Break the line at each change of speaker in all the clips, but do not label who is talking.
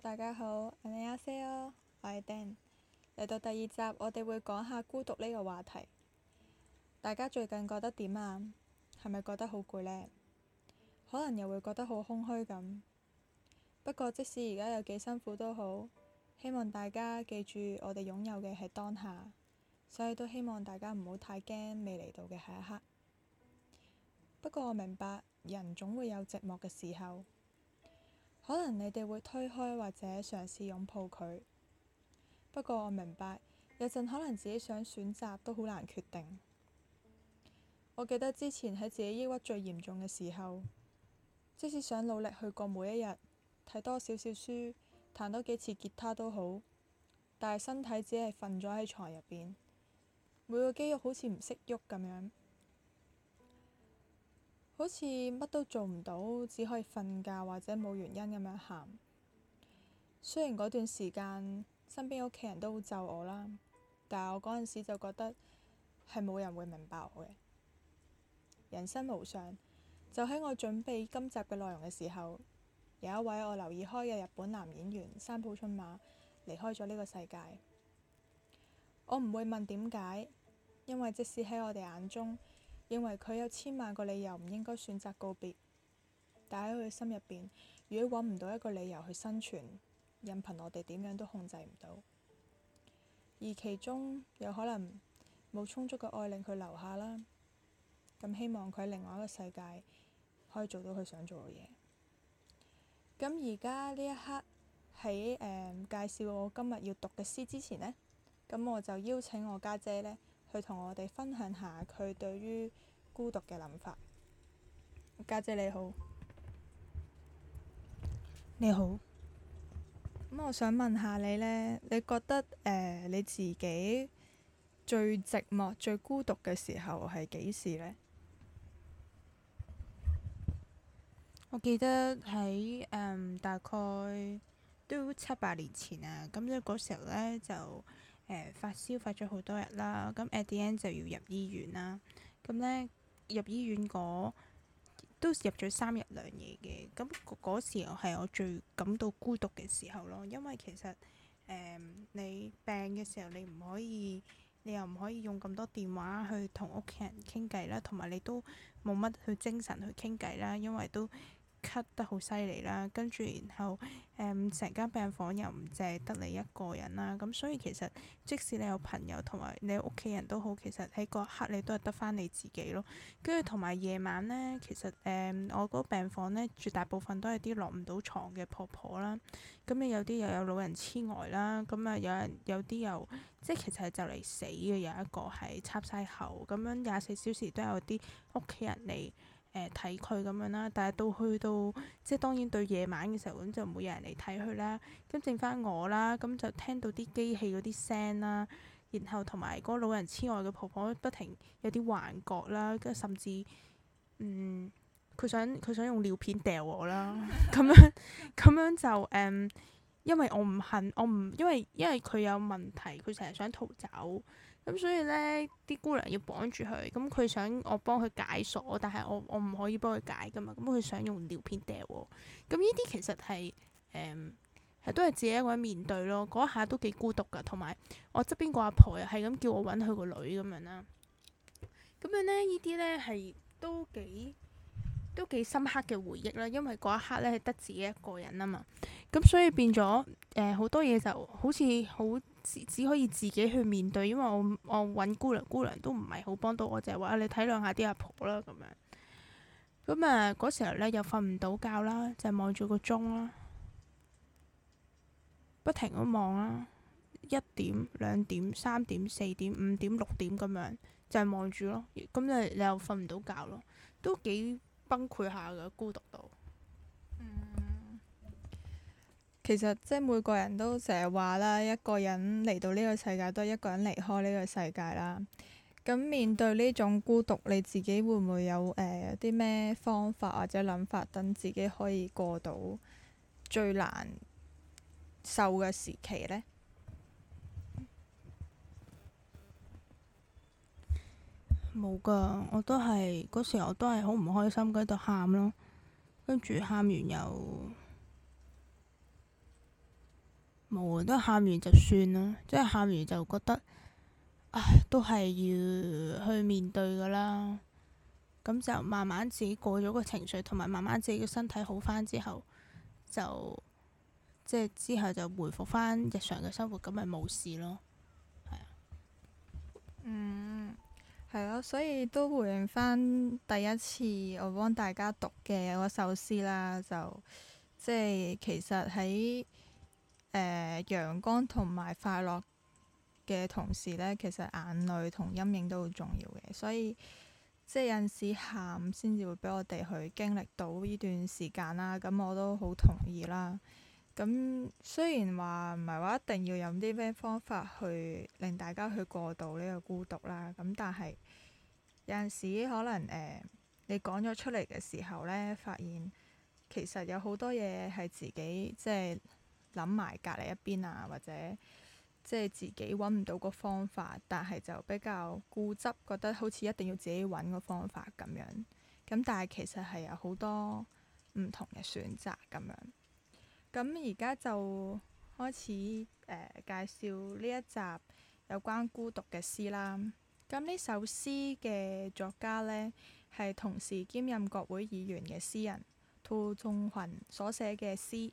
大家好，我哋阿 Sir，我係 Den，嚟到第二集，我哋會講下孤獨呢個話題。大家最近覺得點啊？係咪覺得好攰呢？可能又會覺得好空虛咁。不過即使而家有幾辛苦都好，希望大家記住我哋擁有嘅係當下，所以都希望大家唔好太驚未嚟到嘅下一刻。不過我明白，人總會有寂寞嘅時候。可能你哋會推開或者嘗試擁抱佢，不過我明白有陣可能自己想選擇都好難決定。我記得之前喺自己抑鬱最嚴重嘅時候，即使想努力去過每一日，睇多少少書，彈多幾次吉他都好，但係身體只係瞓咗喺床入邊，每個肌肉好似唔識喐咁樣。好似乜都做唔到，只可以瞓覺或者冇原因咁樣喊。雖然嗰段時間身邊屋企人都會咒我啦，但係我嗰陣時就覺得係冇人會明白我嘅。人生無常，就喺我準備今集嘅內容嘅時候，有一位我留意開嘅日本男演員三浦春馬離開咗呢個世界。我唔會問點解，因為即使喺我哋眼中，認為佢有千萬個理由唔應該選擇告別，但喺佢心入邊。如果搵唔到一個理由去生存，任憑我哋點樣都控制唔到。而其中有可能冇充足嘅愛令佢留下啦。咁希望佢喺另外一個世界可以做到佢想做嘅嘢。咁而家呢一刻喺、嗯、介紹我今日要讀嘅詩之前呢，咁我就邀請我家姐、姐呢。去同我哋分享下佢對於孤獨嘅諗法。家姐你好，你好。咁好、嗯、我想問下你呢，你覺得誒、呃、你自己最寂寞、最孤獨嘅時候係幾時呢？我記得喺、呃、大概都七八年前啊，咁呢個時候呢，就。誒、嗯、發燒發咗好多日啦，咁 at the end 就要入醫院啦。咁咧入醫院嗰都入咗三日兩夜嘅，咁嗰時候係我最感到孤獨嘅時候咯，因為其實誒、嗯、你病嘅時候你唔可以，你又唔可以用咁多電話去同屋企人傾偈啦，同埋你都冇乜去精神去傾偈啦，因為都。咳得好犀利啦，跟住然後誒，成、嗯、間病房又唔淨係得你一個人啦，咁、嗯、所以其實即使你有朋友同埋你屋企人都好，其實喺嗰一刻你都係得翻你自己咯。跟住同埋夜晚咧，其實誒、嗯、我嗰病房咧，絕大部分都係啲落唔到床嘅婆婆啦，咁、嗯、你有啲又有老人痴呆啦，咁、嗯、啊有人有啲又即係其實係就嚟死嘅有一個係插晒喉，咁、嗯、樣廿四小時都有啲屋企人嚟。誒睇佢咁樣啦，但係到去到即係當然對夜晚嘅時候咁就唔會有人嚟睇佢啦，咁剩翻我啦，咁就聽到啲機器嗰啲聲啦，然後同埋嗰個老人痴呆嘅婆婆不停有啲幻覺啦，跟，甚至嗯，佢想佢想用尿片掉我啦，咁 樣咁樣就誒、嗯，因為我唔肯，我唔，因為因為佢有問題，佢成日想逃走。咁所以咧，啲姑娘要綁住佢，咁、嗯、佢想我幫佢解鎖，但係我我唔可以幫佢解㗎嘛，咁、嗯、佢想用尿片掉喎，咁呢啲其實係誒係都係自己一個人面對咯，嗰一下都幾孤獨㗎，同埋我側邊個阿婆又係咁叫我揾佢個女咁樣啦，咁樣咧呢啲咧係都幾都幾深刻嘅回憶啦，因為嗰一刻咧係得自己一個人啊嘛，咁、嗯、所以變咗誒好多嘢就好似好。只可以自己去面對，因為我我揾姑娘姑娘都唔係好幫到我，就係話你體諒下啲阿婆啦咁樣。咁啊，嗰時候呢又瞓唔到覺啦，就望住個鐘啦，不停咁望啦，一點、兩點、三點、四點、五點、六點咁樣，就係望住咯。咁你你又瞓唔到覺咯，都幾崩潰下㗎，孤獨到。其實即係每個人都成日話啦，一個人嚟到呢個世界都係一個人離開呢個世界啦。咁面對呢種孤獨，你自己會唔會有誒啲咩方法或者諗法等自己可以過到最難受嘅時期呢？冇噶，我都係嗰時我都係好唔開心，喺度喊咯，跟住喊完又。我都喊完就算咯，即係喊完就覺得，唉，都係要去面對噶啦。咁就慢慢自己過咗個情緒，同埋慢慢自己嘅身體好翻之後，就即係之後就回復翻日常嘅生活，咁咪冇事咯。係啊，嗯，係咯，所以都回應翻第一次我幫大家讀嘅嗰首詩啦，就即係其實喺。誒、陽、呃、光同埋快樂嘅同時呢，其實眼淚同陰影都好重要嘅，所以即係、就是、有陣時喊先至會俾我哋去經歷到呢段時間啦。咁我都好同意啦。咁雖然話唔係話一定要用啲咩方法去令大家去過渡呢個孤獨啦，咁但係有陣時可能誒、呃，你講咗出嚟嘅時候呢，發現其實有好多嘢係自己即係。就是諗埋隔離一邊啊，或者即係自己揾唔到個方法，但係就比較固執，覺得好似一定要自己揾個方法咁樣。咁但係其實係有好多唔同嘅選擇咁樣。咁而家就開始、呃、介紹呢一集有關孤獨嘅詩啦。咁呢首詩嘅作家呢，係同時兼任國會議員嘅詩人杜仲群所寫嘅詩。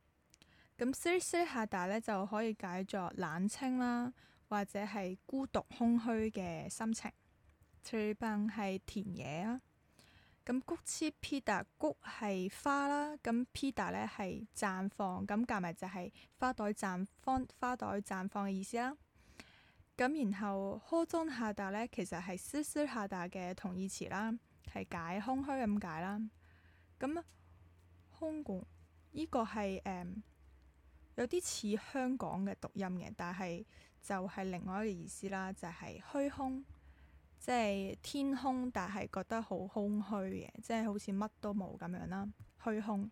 咁，three three 下達咧，就可以解作冷清啦，或者係孤獨、空虛嘅心情。隨便係田野啦，咁、嗯，菊痴 p i t e r 菊係花啦，咁 p i t e r 咧係綻放，咁夾埋就係花朵綻放花朵綻放嘅意思啦。咁，然後 hoe 中下達咧，其實係 three three 下達嘅同義詞啦，係解空虛咁解啦。咁，空管，呢個係誒。有啲似香港嘅讀音嘅，但係就係另外一個意思啦，就係虛空，即係天空，但係覺得好空虛嘅，即係好似乜都冇咁樣啦。虛空。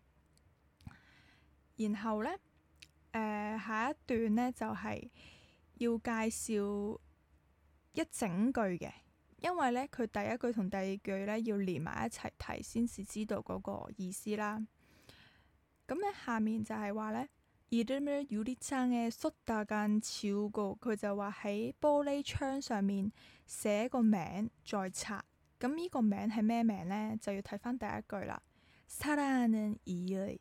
然後呢，誒，下一段呢就係要介紹一整句嘅，因為呢，佢第一句同第二句呢要連埋一齊睇，先至知道嗰個意思啦。咁呢，下面就係話呢。二點咩？玻璃窗嘅縮得間超個，佢就話喺玻璃窗上面寫個名，再擦。咁呢個名係咩名咧？就要睇翻第一句啦。사랑은이의，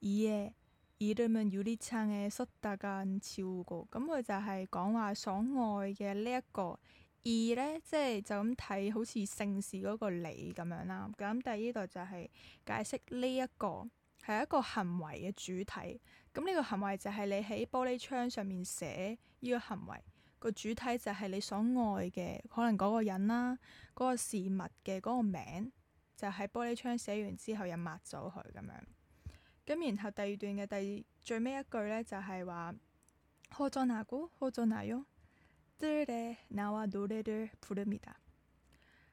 이의，이름은유리창의습득간초고。咁佢就係講話所愛嘅呢、這個、イ 一,一個二咧，即係就咁睇好似姓氏嗰個李咁樣啦。咁第二度就係解釋呢、這、一個。係一個行為嘅主體，咁呢個行為就係你喺玻璃窗上面寫呢個行為，個主體就係你所愛嘅可能嗰個人啦，嗰、那個事物嘅嗰個名，就喺、是、玻璃窗寫完之後又抹咗佢咁樣。咁然後第二段嘅第二最尾一句咩嘅歌咧就係、是、話，何在那故，何在那有，들의나와노래를부르니다。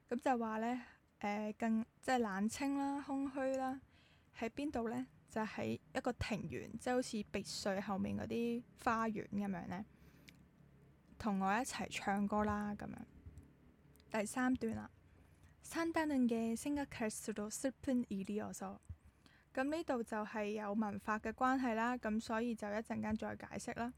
咁就話咧，誒，更即係冷清啦，空虛啦。喺邊度咧？就喺、是、一個庭園，即、就、係、是、好似別墅後面嗰啲花園咁樣咧，同我一齊唱歌啦咁樣。第三段啦。咁呢度就係有文化嘅關係啦，咁所以就一陣間再解釋啦。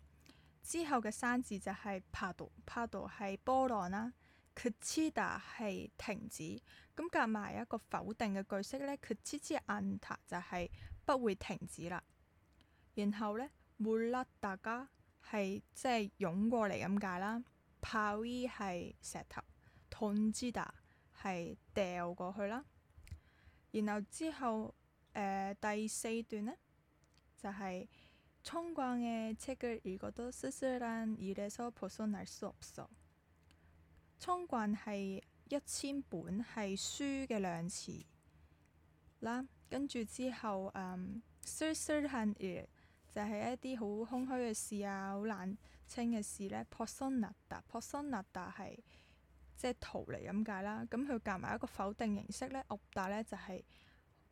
之後嘅山字就係 paddle，paddle 係波浪啦。cutida 係停止，咁夾埋一個否定嘅句式咧，cuti anta 就係、是、不會停止啦。然後咧，mulada 大家係即係湧過嚟咁解啦。pavi 係石頭，痛 tundida 係掉過去啦。然後之後誒、呃、第四段咧就係春光嘅책을읽어도쓸쓸한일에서벗어날수없어。充慣係一千本係書嘅量詞啦，跟住之後誒、嗯、就係、是、一啲好空虛嘅事啊，好冷清嘅事呢。personal 但 personal 但係即係逃離咁解啦，咁佢夾埋一個否定形式呢 o b t a i n 咧就係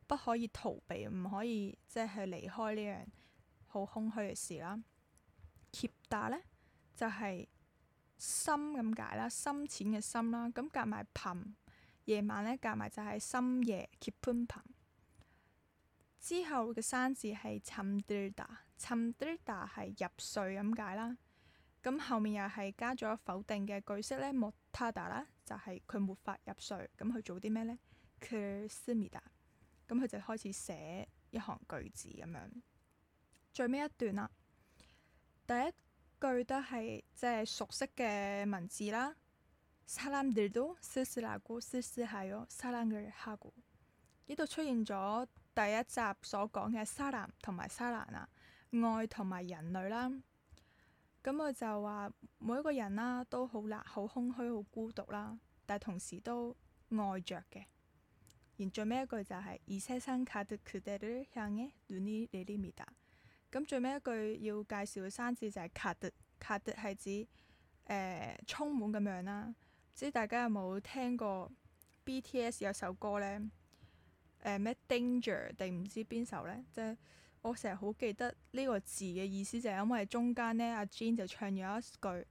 不可以逃避，唔可以即係離開呢樣好空虛嘅事啦、啊。keep 但咧就係、是。深咁解啦，深淺嘅深啦，咁夾埋頻，夜晚咧夾埋就係深夜 keep on 頻。之後嘅生字係沉啲打，沉啲打係入睡咁解啦。咁後面又係加咗否定嘅句式咧，莫他打啦，就係、是、佢沒法入睡。咁佢做啲咩咧？佢寫思密打。咁佢、um、就開始寫一行句子咁樣。最尾一段啦，第一句都係即係熟悉嘅文字啦。沙男哋都絲拉孤絲沙男嘅哈，呢度出現咗第一集所講嘅沙蘭同埋沙蘭啊，愛同埋人類啦。咁佢就話每一個人啦都好辣，好空虛，好孤獨啦，但係同時都愛着嘅。然後最尾一句就係、是，而且生卡得佢哋嘅向嘅咁最尾一句要介紹嘅生字就係 card，card 係指誒、呃、充滿咁樣啦。唔知大家有冇聽過 BTS 有首歌咧？誒、呃、咩 danger 定唔知邊首咧？即係我成日好記得呢個字嘅意思就係因為中間咧，阿、啊、Jin 就唱咗一句。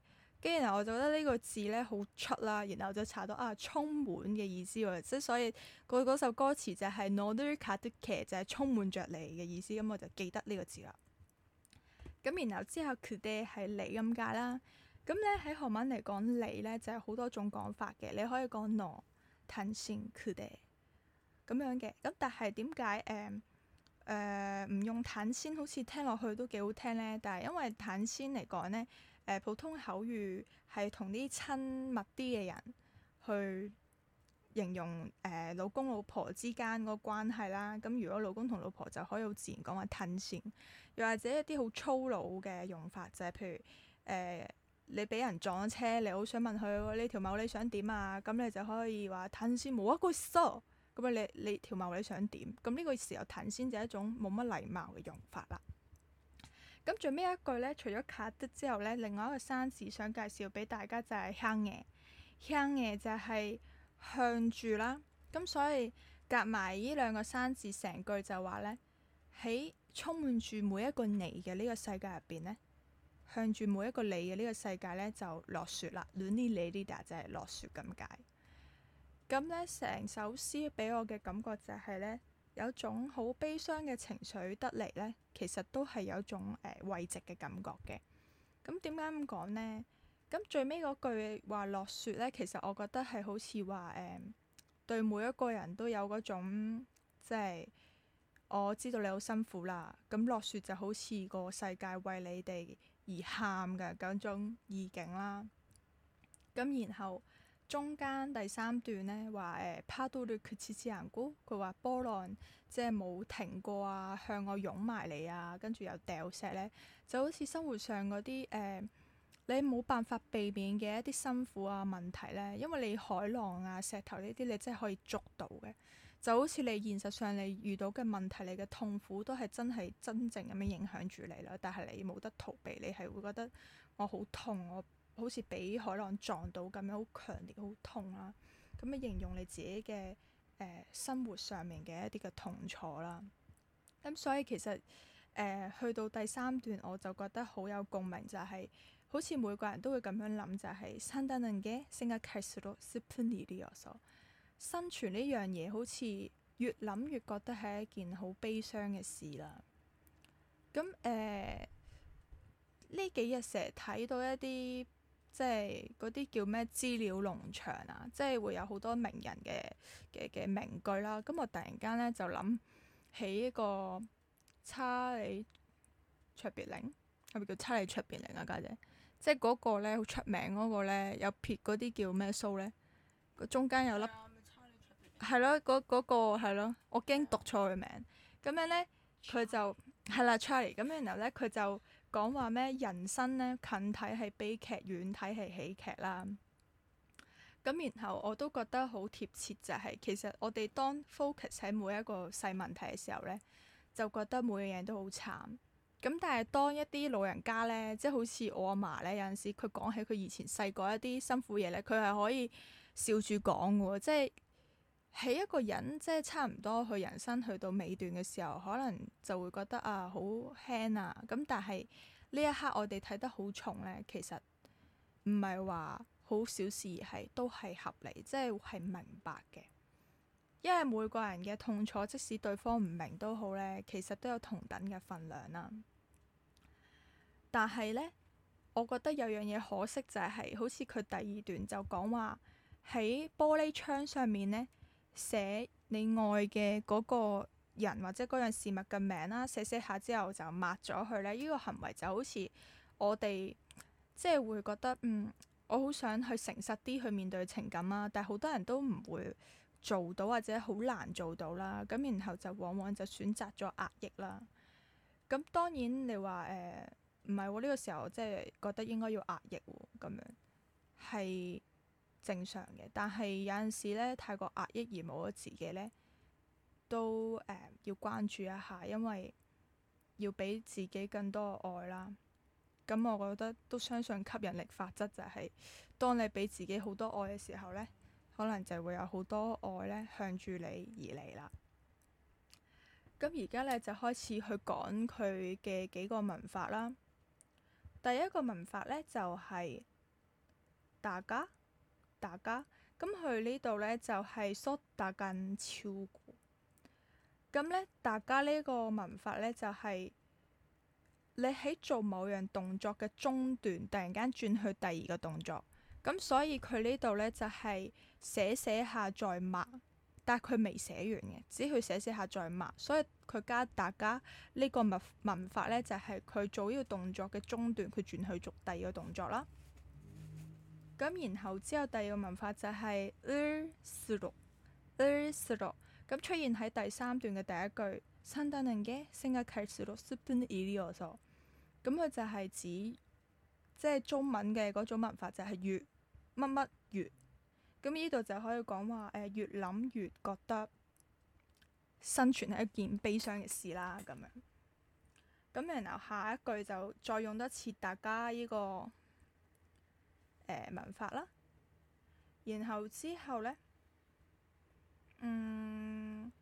跟住嗱，然後我就覺得呢個字咧好出啦，然後就查到啊，充滿嘅意思喎，即係所以佢嗰首歌詞就係、是《Noduri Kudde》，就係、是、充滿着你嘅意思，咁我就記得呢個字啦。咁然後之後，Kudde 係你咁解啦。咁咧喺韓文嚟講，你咧就係好多種講法嘅，你可以講《Nodtansen Kudde》咁樣嘅。咁但係點解誒誒唔用氽先？好似聽落去都幾好聽咧。但係因為氽先嚟講咧。呢誒普通口語係同啲親密啲嘅人去形容誒老公老婆之間嗰個關係啦。咁如果老公同老婆就可以好自然講話吞線，又或者一啲好粗魯嘅用法就係譬如誒你俾人撞咗車，你好想問佢你條某你想點啊？咁你就可以話吞線，冇一句 so。咁啊你你條某你想點？咁呢個時候吞線就係一種冇乜禮貌嘅用法啦。咁最尾一句咧，除咗卡德之後咧，另外一個生字想介紹俾大家就係、是就是、向嘅，向嘅就係向住啦。咁所以夾埋呢兩個生字，成句就話咧，喺充滿住每一個你嘅呢個世界入邊咧，向住每一個你嘅呢個世界咧就落雪啦。暖 u 你呢，就係落雪咁解。咁咧，成首詩俾我嘅感覺就係咧。有種好悲傷嘅情緒得嚟呢，其實都係有種誒慰藉嘅感覺嘅。咁點解咁講呢？咁最尾嗰句話落雪呢，其實我覺得係好似話誒，對每一個人都有嗰種即係我知道你好辛苦啦。咁落雪就好似個世界為你哋而喊嘅嗰種意境啦。咁然後。中間第三段咧話誒，趴到對佢刺刺眼鼓，佢、啊、話波浪即係冇停過啊，向我湧埋嚟啊，跟住又掉石咧，就好似生活上嗰啲誒，你冇辦法避免嘅一啲辛苦啊、問題咧，因為你海浪啊、石頭呢啲你真係可以捉到嘅，就好似你現實上你遇到嘅問題，你嘅痛苦都係真係真正咁樣影響住你啦，但係你冇得逃避，你係會覺得我好痛我。好似俾海浪撞到咁樣，好強烈，好痛啦！咁啊，形容你自己嘅誒、呃、生活上面嘅一啲嘅痛楚啦。咁、嗯、所以其實誒、呃、去到第三段，我就覺得好有共鳴，就係、是、好似每個人都會咁樣諗，就係生等等生存呢樣嘢好似越諗越覺得係一件好悲傷嘅事啦。咁誒呢幾日成日睇到一啲。即係嗰啲叫咩資料農場啊！即係會有好多名人嘅嘅嘅名句啦。咁我突然間咧就諗起一個查理卓別靈，係咪叫查理卓別靈啊家姐，姐？即係嗰個咧好出名嗰個咧，有撇嗰啲叫咩鬚咧？個中間有粒係咯，嗰嗰個係咯，我驚、那個、讀錯佢名。咁樣咧，佢就係查理啦，查理咁樣，然後咧佢就。講話咩人生咧近睇係悲劇，遠睇係喜劇啦。咁然後我都覺得好貼切就係，其實我哋當 focus 喺每一個細問題嘅時候咧，就覺得每樣嘢都好慘。咁但係當一啲老人家咧，即係好似我阿嫲咧，有陣時佢講起佢以前細個一啲辛苦嘢咧，佢係可以笑住講嘅喎，即係。喺一個人即係差唔多，佢人生去到尾段嘅時候，可能就會覺得啊好輕啊。咁、啊、但係呢一刻，我哋睇得好重呢。其實唔係話好小事，係都係合理，即係係明白嘅。因為每個人嘅痛楚，即使對方唔明都好呢，其實都有同等嘅分量啦。但係呢，我覺得有樣嘢可惜就係、係，好似佢第二段就講話喺玻璃窗上面呢。寫你愛嘅嗰個人或者嗰樣事物嘅名啦，寫寫下之後就抹咗佢咧。呢個行為就好似我哋即係會覺得，嗯，我好想去誠實啲去面對情感啦，但係好多人都唔會做到或者好難做到啦。咁然後就往往就選擇咗壓抑啦。咁當然你話誒唔係喎，呢個時候即係覺得應該要壓抑喎，咁樣係正常嘅，但係有陣時咧太過壓抑而冇咗自己咧，都誒、呃、要關注一下，因為要俾自己更多嘅愛啦。咁我覺得都相信吸引力法則就係、是，當你俾自己好多愛嘅時候咧，可能就會有好多愛咧向住你而嚟啦。咁而家咧就開始去講佢嘅幾個文法啦。第一個文法咧就係、是、大家。大家，咁佢呢度呢就係縮緊超股，咁呢，大家呢個文法呢就係你喺做某樣動作嘅中段，突然間轉去第二個動作。咁所以佢呢度呢就係寫寫下再抹，但係佢未寫完嘅，只係寫寫下再抹，所以佢加大家呢個文文法呢就係佢做呢個動作嘅中段，佢轉去做第二個動作啦。咁然後之後第二個文化就係 e r slow ear slow，咁出現喺第三段嘅第一句。Suddenly 嘅，新加坡 slow suddenly realise 咁佢就係指，即係中文嘅嗰種文化就係越乜乜越，咁呢度就可以講話越諗越覺得生存係一件悲傷嘅事啦咁樣。咁然後下一句就再用得切大家呢、呢個。文法啦，然後之後呢，佢、嗯、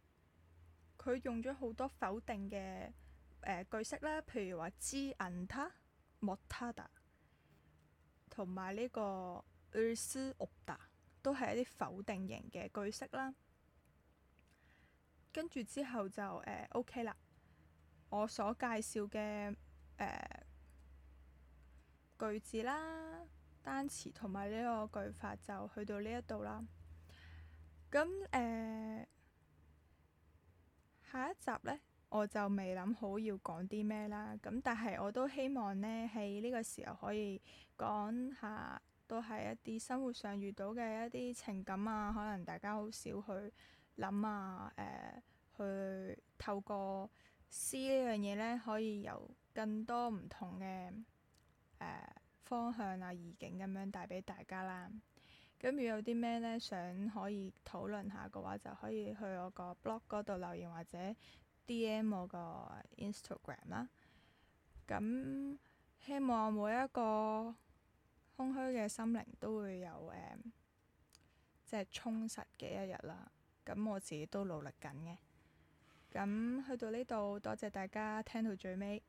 用咗好多否定嘅、呃、句式啦，譬如話之銀他莫他達，同埋呢個爾斯兀達都係一啲否定型嘅句式啦。跟住之後就、呃、OK 啦，我所介紹嘅、呃、句子啦。單詞同埋呢個句法就去到呢一度啦。咁誒、呃、下一集呢，我就未諗好要講啲咩啦。咁但係我都希望呢，喺呢個時候可以講下，都係一啲生活上遇到嘅一啲情感啊，可能大家好少去諗啊。誒、呃，去透過詩呢樣嘢呢，可以有更多唔同嘅誒、呃方向啊，意境咁樣帶俾大家啦。咁如果有啲咩咧，想可以討論下嘅話，就可以去我個 blog 嗰度留言或者 DM 我個 Instagram 啦。咁希望每一個空虛嘅心靈都會有誒、嗯，即係充實嘅一日啦。咁我自己都努力緊嘅。咁去到呢度，多謝大家聽到最尾。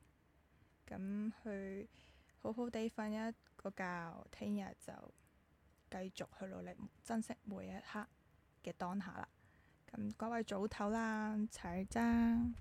咁去。好好地瞓一個覺，聽日就繼續去努力，珍惜每一刻嘅當下啦。咁各位早唞啦，齊爭！